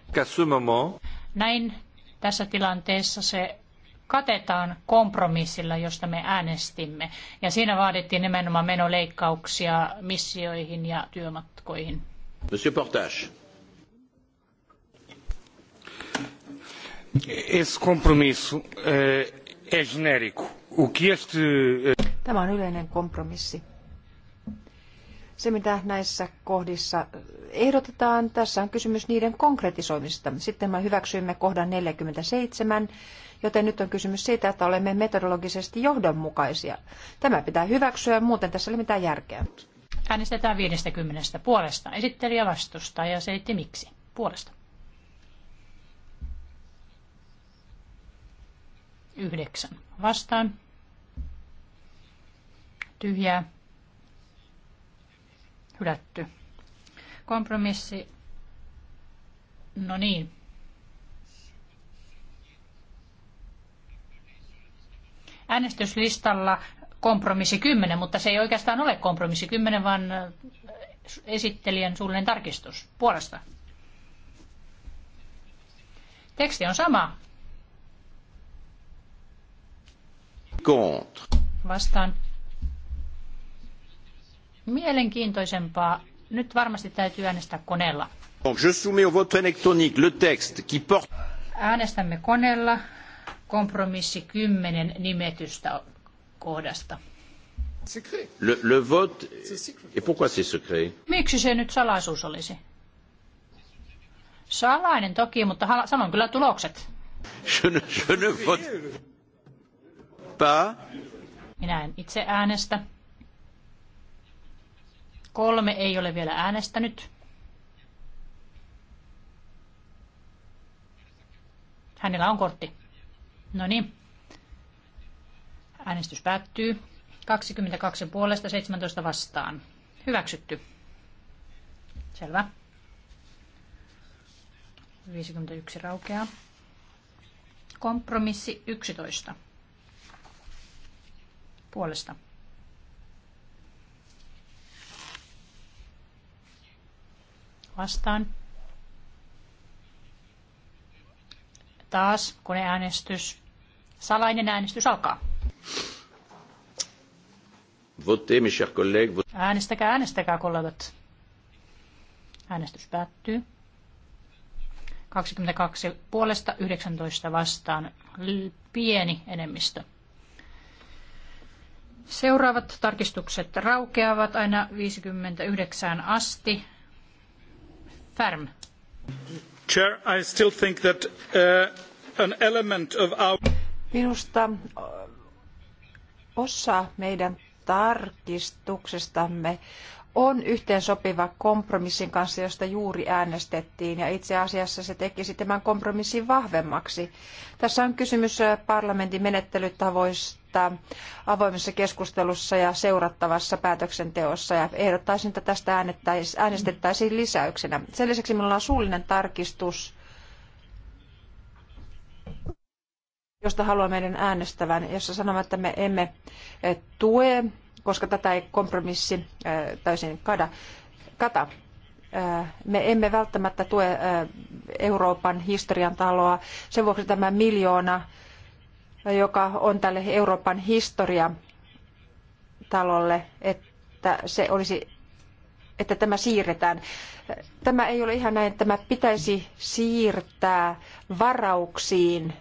Näin tässä tilanteessa se katetaan kompromissilla, josta me äänestimme. Ja siinä vaadittiin nimenomaan menoleikkauksia missioihin ja työmatkoihin. Monsieur Portage. Esse compromisso eh, é genérico. O que este... Eh, Tämä on yleinen kompromissi. Se, mitä näissä kohdissa ehdotetaan, tässä on kysymys niiden konkretisoimista. Sitten me hyväksyimme kohdan 47, Joten nyt on kysymys siitä, että olemme metodologisesti johdonmukaisia. Tämä pitää hyväksyä, muuten tässä ei ole mitään järkeä. Äänestetään 50 puolesta. Esittelijä vastustaa ja selitti miksi. Puolesta. Yhdeksän. Vastaan. Tyhjää. Hylätty. Kompromissi. No niin, äänestyslistalla kompromissi 10, mutta se ei oikeastaan ole kompromissi 10, vaan esittelijän suullinen tarkistus puolesta. Teksti on sama. Contre. Vastaan. Mielenkiintoisempaa. Nyt varmasti täytyy äänestää koneella. Donc je soumets au vote électronique le texte qui porte... Äänestämme koneella kompromissi 10 nimetystä kohdasta. Le, le vote, et pourquoi c'est secret? Miksi se nyt salaisuus olisi? Salainen toki, mutta hala, sanon kyllä tulokset. Je ne, je ne vote pas. Minä en itse äänestä. Kolme ei ole vielä äänestänyt. Hänellä on kortti. No niin. Äänestys päättyy. 22 puolesta 17 vastaan. Hyväksytty. Selvä. 51 raukeaa. Kompromissi 11. Puolesta. Vastaan. Taas koneäänestys. Salainen äänestys alkaa. Votez, mes chers collègues. Äänestäkää, äänestäkää, kollegat. Äänestys päättyy. 22 puolesta 19 vastaan. Pieni enemmistö. Seuraavat tarkistukset raukeavat aina 59 asti. Färm. Chair, I still think that uh, an element of our... Minusta osa meidän tarkistuksestamme on yhteensopiva kompromissin kanssa, josta juuri äänestettiin, ja itse asiassa se tekisi tämän kompromissin vahvemmaksi. Tässä on kysymys parlamentin menettelytavoista avoimessa keskustelussa ja seurattavassa päätöksenteossa, ja ehdottaisin, että tästä äänestettäisiin lisäyksenä. Sen lisäksi minulla on suullinen tarkistus josta haluaa meidän äänestävän, jossa sanomme, että me emme eh, tue, koska tätä ei kompromissi eh, täysin kada, kata. Eh, me emme välttämättä tue Euroopan historian taloa. Sen vuoksi tämä miljoona, joka on tälle Euroopan historian talolle, että se olisi että tämä siirretään. Tämä ei ole ihan näin, tämä pitäisi siirtää varauksiin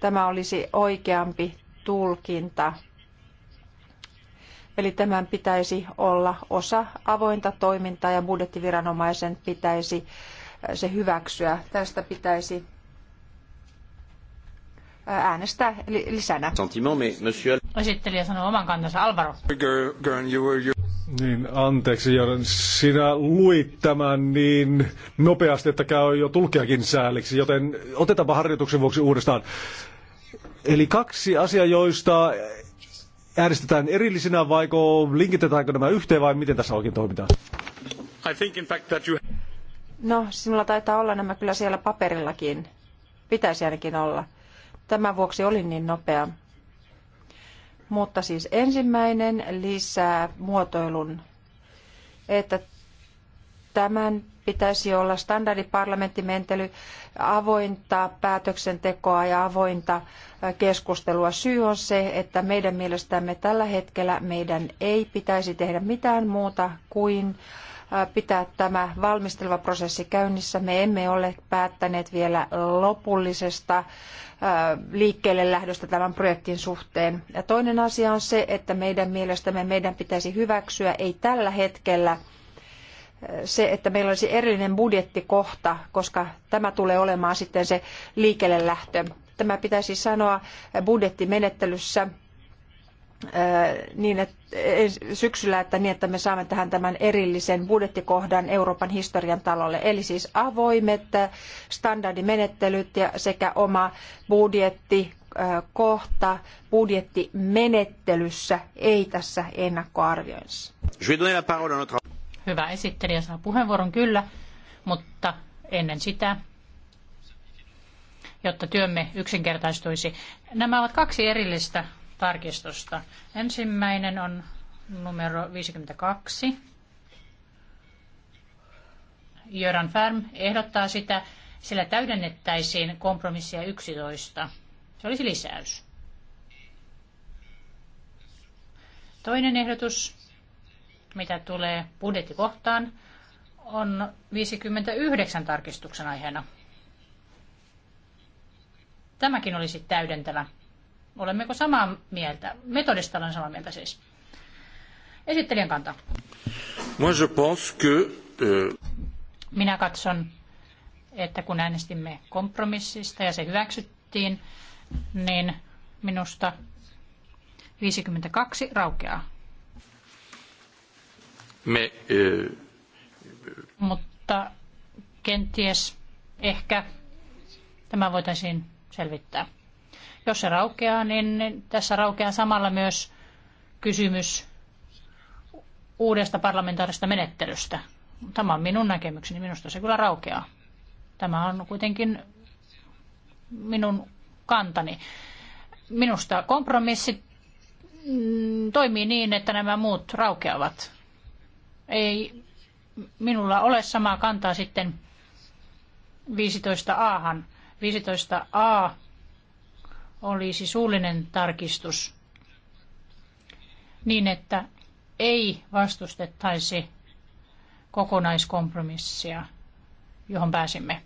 tämä olisi oikeampi tulkinta. Eli tämän pitäisi olla osa avointa toimintaa ja budjettiviranomaisen pitäisi se hyväksyä. Tästä pitäisi äänestää lisänä. Esittelijä sanoo oman kantansa Alvaro. Niin, anteeksi, Jörn. Sinä luit tämän niin nopeasti, että käy jo tulkiakin sääliksi, joten otetaanpa harjoituksen vuoksi uudestaan. Eli kaksi asiaa, joista äänestetään erillisinä, vaiko linkitetäänkö nämä yhteen vai miten tässä oikein toimitaan? I think in fact that you... No, sinulla taitaa olla nämä kyllä siellä paperillakin. Pitäisi ainakin olla. Tämän vuoksi olin niin nopea. Mutta siis ensimmäinen lisää muotoilun, että tämän pitäisi olla standardiparlamenttimentely, avointa päätöksentekoa ja avointa keskustelua. Syy on se, että meidän mielestämme tällä hetkellä meidän ei pitäisi tehdä mitään muuta kuin pitää tämä valmisteleva prosessi käynnissä. Me emme ole päättäneet vielä lopullisesta liikkeelle lähdöstä tämän projektin suhteen. Ja toinen asia on se, että meidän mielestämme meidän pitäisi hyväksyä ei tällä hetkellä se, että meillä olisi erillinen budjettikohta, koska tämä tulee olemaan sitten se liikelle lähtö. Tämä pitäisi sanoa budjettimenettelyssä äh, niin, eh, syksyllä, että niin, että me saamme tähän tämän erillisen budjettikohdan Euroopan historian talolle. Eli siis avoimet äh, standardimenettelyt ja sekä oma budjetti, äh, kohta budjettimenettelyssä, ei tässä ennakkoarvioinnissa. Hyvä esittelijä saa puheenvuoron kyllä, mutta ennen sitä, jotta työmme yksinkertaistuisi. Nämä ovat kaksi erillistä tarkistusta. Ensimmäinen on numero 52. Jöran Färm ehdottaa sitä, sillä täydennettäisiin kompromissia 11. Se olisi lisäys. Toinen ehdotus mitä tulee budjettikohtaan, on 59 tarkistuksen aiheena. Tämäkin olisi täydentävä. Olemmeko samaa mieltä? Metodista olen samaa mieltä siis. Esittelijän kanta. Moi je pense que, euh, Minä katson, että kun äänestimme kompromissista ja se hyväksyttiin, niin minusta 52 raukeaa. Me, Mutta kenties ehkä tämä voitaisiin selvittää. Jos se raukeaa, niin tässä raukeaa samalla myös kysymys uudesta parlamentaarisesta menettelystä. Tämä on minun näkemykseni, minusta se kyllä raukeaa. Tämä on kuitenkin minun kantani. Minusta kompromissi mm, toimii niin, että nämä muut raukeavat ei minulla ole samaa kantaa sitten 15a. 15a olisi suullinen tarkistus niin, että ei vastustettaisi kokonaiskompromissia, johon pääsimme.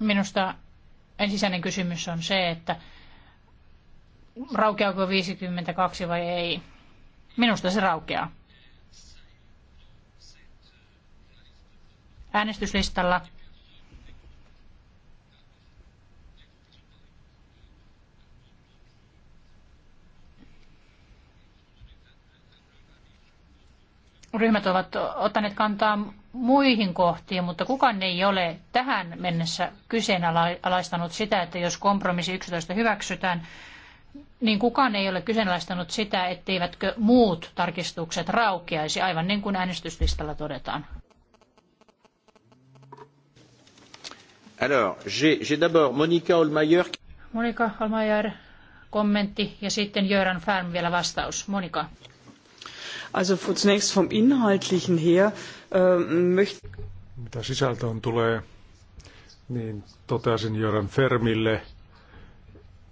Minusta ensisijainen kysymys on se, että raukeako 52 vai ei. Minusta se raukeaa. Äänestyslistalla ryhmät ovat ottaneet kantaa muihin kohtiin, mutta kukaan ei ole tähän mennessä kyseenalaistanut sitä, että jos kompromissi 11 hyväksytään, niin kukaan ei ole kyseenalaistanut sitä, etteivätkö muut tarkistukset raukeaisi, aivan niin kuin äänestyslistalla todetaan. Alors, j'ai d'abord Monika Olmayer. Monika Olmayer, kommentti ja sitten Jöran Färm vielä vastaus. Monika. Also zunächst vom inhaltlichen her äh, möchte... Mitä sisältöön tulee, niin toteasin Jöran Fermille –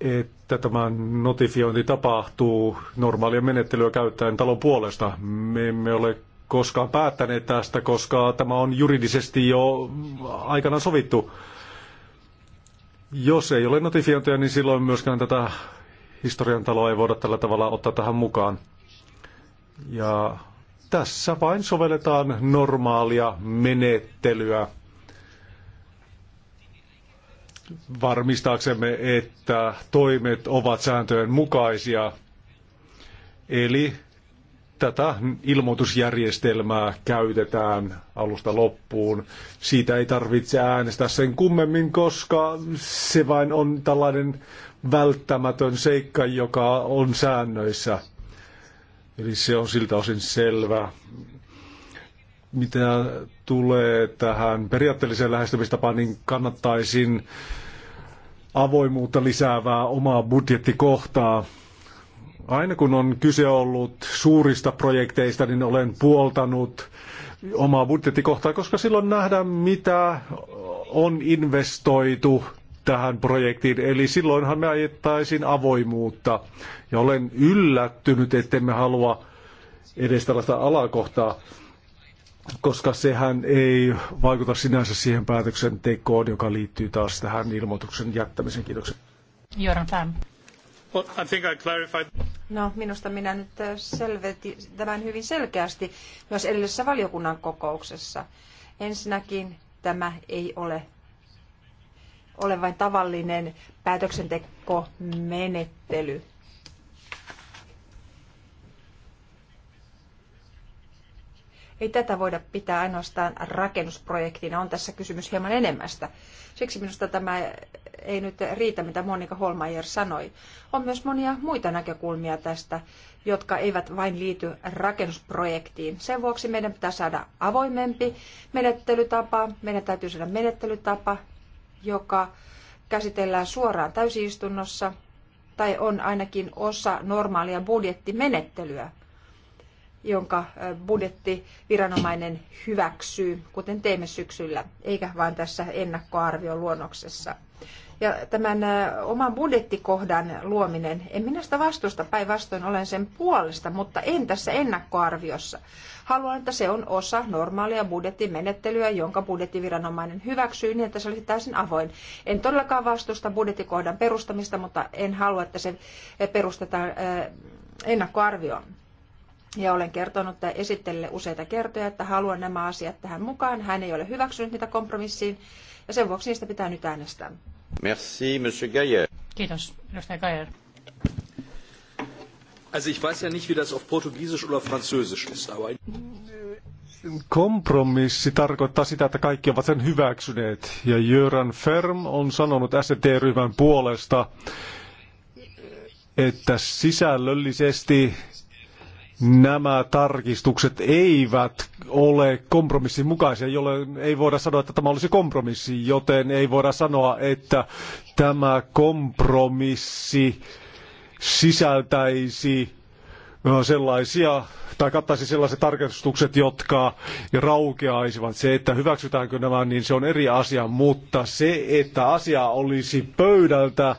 että tämä notifiointi tapahtuu normaalia menettelyä käyttäen talon puolesta. Me emme ole koskaan päättäneet tästä, koska tämä on juridisesti jo aikana sovittu. Jos ei ole notifiointia, niin silloin myöskään tätä historian taloa ei voida tällä tavalla ottaa tähän mukaan. Ja tässä vain sovelletaan normaalia menettelyä varmistaaksemme, että toimet ovat sääntöjen mukaisia. Eli tätä ilmoitusjärjestelmää käytetään alusta loppuun. Siitä ei tarvitse äänestää sen kummemmin, koska se vain on tällainen välttämätön seikka, joka on säännöissä. Eli se on siltä osin selvä. Mitä tulee tähän periaatteelliseen lähestymistapaan, niin kannattaisin avoimuutta lisäävää omaa budjettikohtaa. Aina kun on kyse ollut suurista projekteista, niin olen puoltanut omaa budjettikohtaa, koska silloin nähdään, mitä on investoitu tähän projektiin. Eli silloinhan me ajettaisiin avoimuutta. Ja olen yllättynyt, ettemme halua edes tällaista alakohtaa koska sehän ei vaikuta sinänsä siihen päätöksentekoon, joka liittyy taas tähän ilmoituksen jättämiseen. Kiitoksia. Joran Färm. Well, I think I clarified. No, minusta minä nyt äh, selvetin tämän hyvin selkeästi myös edellisessä valiokunnan kokouksessa. Ensinnäkin tämä ei ole, ole vain tavallinen päätöksentekomenettely. Ei tätä voida pitää ainoastaan rakennusprojektina, on tässä kysymys hieman enemmästä. Siksi minusta tämä ei nyt riitä, mitä Monika Holmeier sanoi. On myös monia muita näkökulmia tästä, jotka eivät vain liity rakennusprojektiin. Sen vuoksi meidän pitää saada avoimempi menettelytapa, meidän täytyy saada menettelytapa, joka käsitellään suoraan täysistunnossa tai on ainakin osa normaalia budjettimenettelyä jonka budjettiviranomainen hyväksyy, kuten teimme syksyllä, eikä vain tässä ennakkoarvioluonnoksessa. Ja tämän oman budjettikohdan luominen, en minä sitä vastusta, päinvastoin olen sen puolesta, mutta en tässä ennakkoarviossa. Haluan, että se on osa normaalia budjettimenettelyä, jonka budjettiviranomainen hyväksyy niin, että se olisi täysin avoin. En todellakaan vastusta budjettikohdan perustamista, mutta en halua, että se perustetaan ennakkoarvioon. Ja olen kertonut että esittelijälle useita kertoja, että haluan nämä asiat tähän mukaan. Hän ei ole hyväksynyt niitä kompromissiin ja sen vuoksi niistä pitää nyt äänestää. Merci, Monsieur Gayer. Kiitos, edustaja Gayer. Also ich weiß ja nicht, wie das auf Portugiesisch oder Französisch ist, aber... Kompromissi tarkoittaa sitä, että kaikki ovat sen hyväksyneet. Ja Jöran Ferm on sanonut ST-ryhmän puolesta, että sisällöllisesti nämä tarkistukset eivät ole kompromissin mukaisia, jolloin ei voida sanoa, että tämä olisi kompromissi, joten ei voida sanoa, että tämä kompromissi sisältäisi sellaisia tai kattaisi sellaiset tarkistukset, jotka raukeaisivat. Se, että hyväksytäänkö nämä, niin se on eri asia, mutta se, että asia olisi pöydältä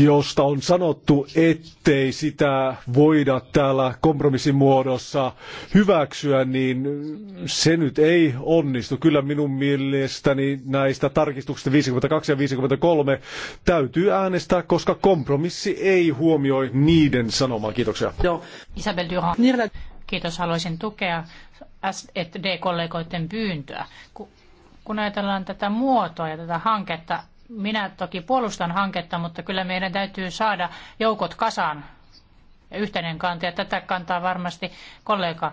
josta on sanottu, ettei sitä voida täällä kompromissin muodossa hyväksyä, niin se nyt ei onnistu. Kyllä minun mielestäni näistä tarkistuksista 52 ja 53 täytyy äänestää, koska kompromissi ei huomioi niiden sanomaa. Kiitoksia. Joo. Isabel Durand. Kiitos, haluaisin tukea SD-kollegoiden pyyntöä. Kun ajatellaan tätä muotoa ja tätä hanketta, minä toki puolustan hanketta, mutta kyllä meidän täytyy saada joukot kasaan yhteinen kanta, ja tätä kantaa varmasti kollega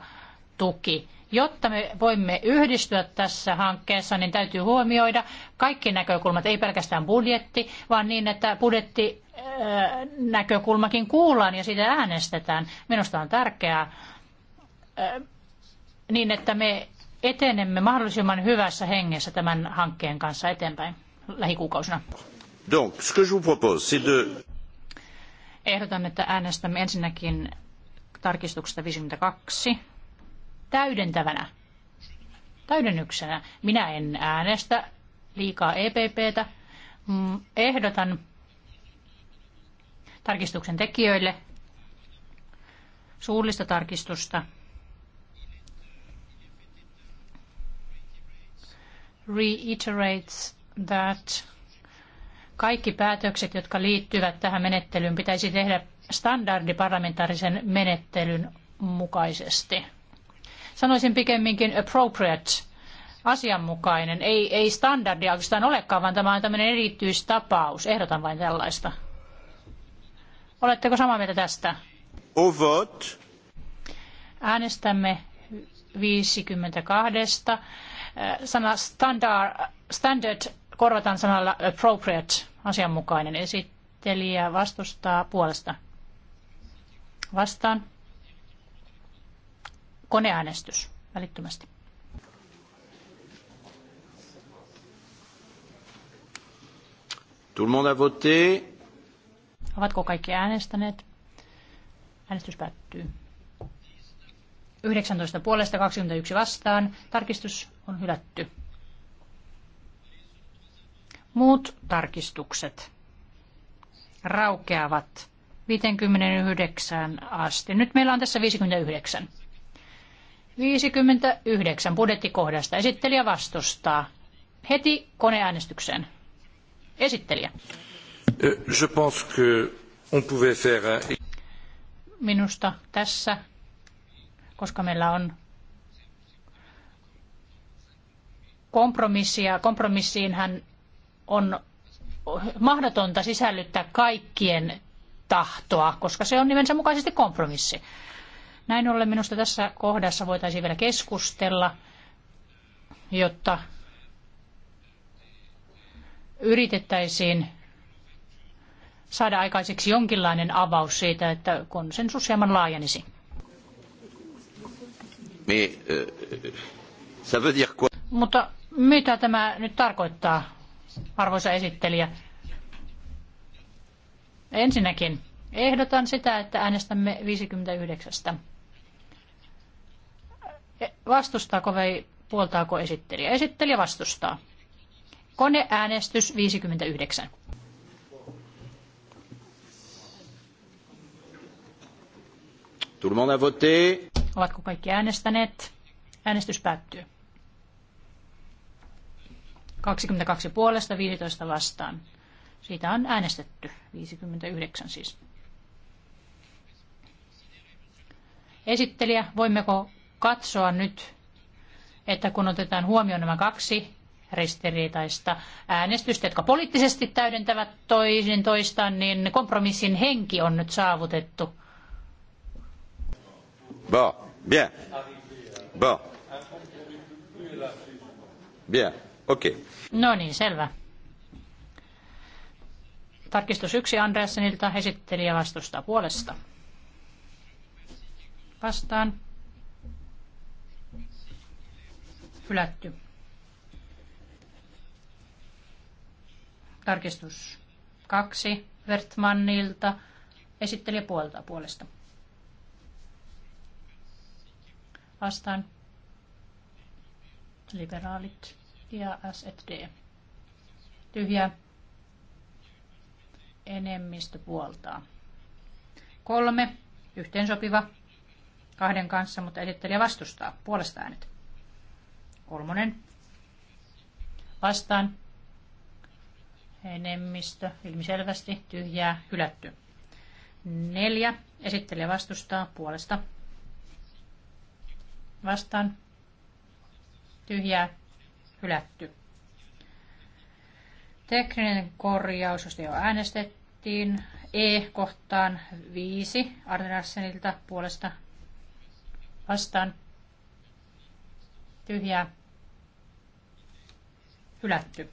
tuki. Jotta me voimme yhdistyä tässä hankkeessa, niin täytyy huomioida kaikki näkökulmat, ei pelkästään budjetti, vaan niin, että budjettinäkökulmakin äh, näkökulmakin kuullaan ja siitä äänestetään. Minusta on tärkeää äh, niin, että me etenemme mahdollisimman hyvässä hengessä tämän hankkeen kanssa eteenpäin lähikuukausina. Donc, ce que je vous propose, c'est de... Ehdotan, että äänestämme ensinnäkin tarkistuksesta 52 täydentävänä, täydennyksenä. Minä en äänestä liikaa EPPtä. Ehdotan tarkistuksen tekijöille suullista tarkistusta. Reiterates that kaikki päätökset, jotka liittyvät tähän menettelyyn, pitäisi tehdä standardiparlamentaarisen menettelyn mukaisesti. Sanoisin pikemminkin appropriate, asianmukainen, ei, ei standardia oikeastaan olekaan, vaan tämä on tämmöinen erityistapaus. Ehdotan vain tällaista. Oletteko samaa mieltä tästä? Ovat. Äänestämme 52. Äh, sana standard, standard korvataan sanalla appropriate, asianmukainen. Esittelijä vastustaa puolesta. Vastaan. Koneäänestys välittömästi. Tout le monde a voté. Ovatko kaikki äänestäneet? Äänestys päättyy. 19 puolesta 21 vastaan. Tarkistus on hylätty. Muut tarkistukset raukeavat 59 asti. Nyt meillä on tässä 59. 59 budjettikohdasta. Esittelijä vastustaa. Heti koneäänestykseen. Esittelijä. Euh, je pense que on pouvait faire... Minusta tässä, koska meillä on kompromissia, kompromissiinhan on mahdotonta sisällyttää kaikkien tahtoa, koska se on nimensä mukaisesti kompromissi. Näin ollen minusta tässä kohdassa voitaisiin vielä keskustella, jotta yritettäisiin saada aikaiseksi jonkinlainen avaus siitä, että konsensus hieman laajenisi. Äh, äh, äh, Mutta mitä tämä nyt tarkoittaa? arvoisa esittelijä. Ensinnäkin ehdotan sitä, että äänestämme 59. Vastustaako vai puoltaako esittelijä? Esittelijä vastustaa. Koneäänestys 59. Tout le monde a voté. Ovatko kaikki äänestäneet? Äänestys päättyy. 22 puolesta, 15 vastaan. Siitä on äänestetty. 59 siis. Esittelijä, voimmeko katsoa nyt, että kun otetaan huomioon nämä kaksi ristiriitaista äänestystä, jotka poliittisesti täydentävät toisin toistaan, niin kompromissin henki on nyt saavutettu. Bon, bien. Bon. Bien. Okei. No niin, selvä. Tarkistus yksi Andreassenilta esittelijä vastustaa puolesta. Vastaan. Hylätty. Tarkistus kaksi Vertmannilta esittelijä puolta puolesta. Vastaan. Liberaalit ja SFD. Tyhjä. Enemmistö puoltaa. Kolme. Yhteensopiva. Kahden kanssa, mutta esittelijä vastustaa. Puolesta äänet. Kolmonen. Vastaan. Enemmistö. Ilmiselvästi. Tyhjää. Hylätty. Neljä. Esittelijä vastustaa. Puolesta. Vastaan. Tyhjää hylätty. Tekninen korjaus, josta jo äänestettiin, E-kohtaan 5 Arnerassenilta puolesta vastaan. Tyhjää. Hylätty.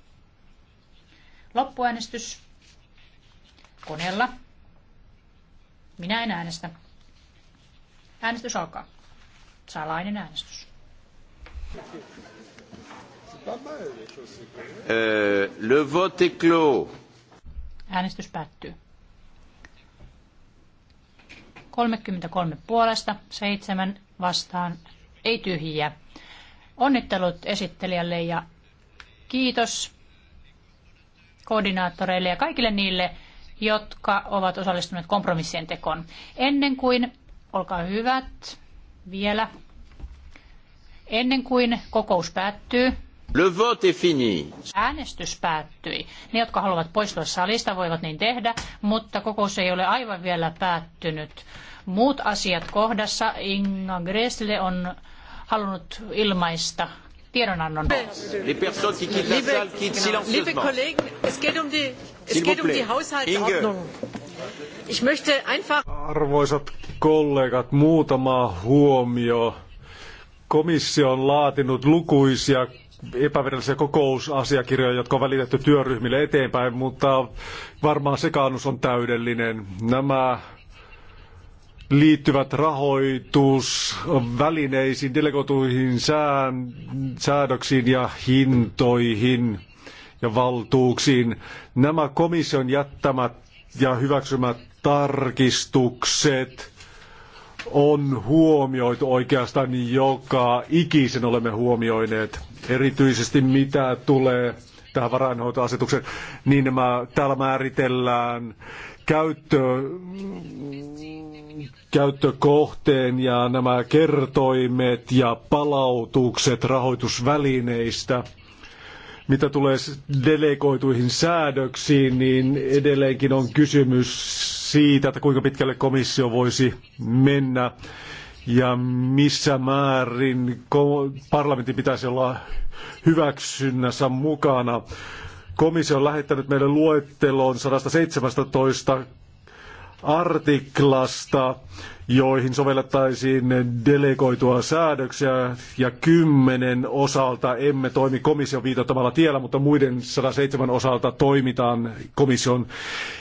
Loppuäänestys koneella. Minä en äänestä. Äänestys alkaa. Salainen äänestys. Euh, le vote est clos. Äänestys päättyy. 33 puolesta, 7 vastaan, ei tyhjiä. Onnittelut esittelijälle ja kiitos koordinaattoreille ja kaikille niille, jotka ovat osallistuneet kompromissien tekoon. Ennen kuin, olkaa hyvät, vielä, ennen kuin kokous päättyy, Äänestys päättyi. Ne, jotka haluavat poistua salista, voivat niin tehdä, mutta kokous ei ole aivan vielä päättynyt. Muut asiat kohdassa Inga Gressle on halunnut ilmaista tiedonannon. Les personnes qui quittent la salle quittent silencieusement. Liebe Kollegen, es geht um die, es geht um die Haushaltsordnung. Ich möchte einfach... Arvoisat kollegat, muutama huomio. Komissio on laatinut lukuisia epävirallisia kokousasiakirjoja, jotka on välitetty työryhmille eteenpäin, mutta varmaan sekaannus on täydellinen. Nämä liittyvät rahoitusvälineisiin, delegoituihin sään, säädöksiin ja hintoihin ja valtuuksiin. Nämä komission jättämät ja hyväksymät tarkistukset – on huomioitu oikeastaan joka ikisen olemme huomioineet. Erityisesti mitä tulee tähän varainhoitoasetukseen, niin nämä, täällä määritellään käyttö, käyttökohteen ja nämä kertoimet ja palautukset rahoitusvälineistä – mitä tulee delegoituihin säädöksiin, niin edelleenkin on kysymys siitä, että kuinka pitkälle komissio voisi mennä ja missä määrin parlamentin pitäisi olla hyväksynnässä mukana. Komissio on lähettänyt meille luettelon 117 artiklasta, joihin sovellettaisiin delegoitua säädöksiä ja kymmenen osalta emme toimi komission viitattavalla tiellä, mutta muiden 107 osalta toimitaan komission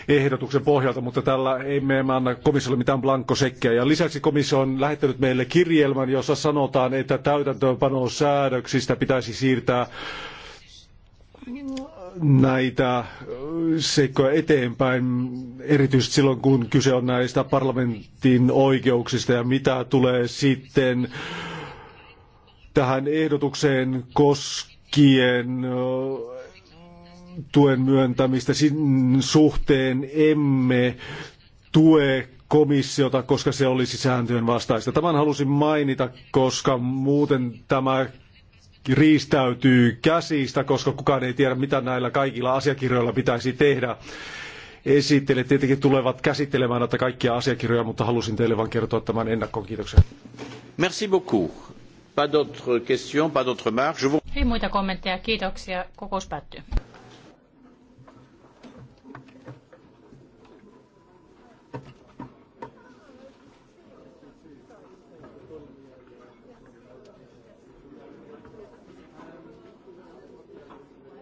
ehdotuksen pohjalta, mutta tällä emme anna komissiolle mitään blankkosekkiä. Ja lisäksi komissio on lähettänyt meille kirjelmän, jossa sanotaan, että täytäntöönpanosäädöksistä pitäisi siirtää näitä äh, seikkoja eteenpäin, erityisesti silloin kun kyse on näistä parlamentin oikeuksista ja mitä tulee sitten tähän ehdotukseen koskien äh, tuen myöntämistä sin suhteen emme tue komissiota, koska se olisi sääntöjen vastaista. Tämän halusin mainita, koska muuten tämä riistäytyy käsistä, koska kukaan ei tiedä, mitä näillä kaikilla asiakirjoilla pitäisi tehdä. Esittelijät tietenkin tulevat käsittelemään näitä kaikkia asiakirjoja, mutta halusin teille vain kertoa tämän ennakkoon. Kiitoksia. Merci beaucoup. Pas d'autres questions, pas d'autres marques. Ei muita kommentteja. Kiitoksia. Kokous päättyy.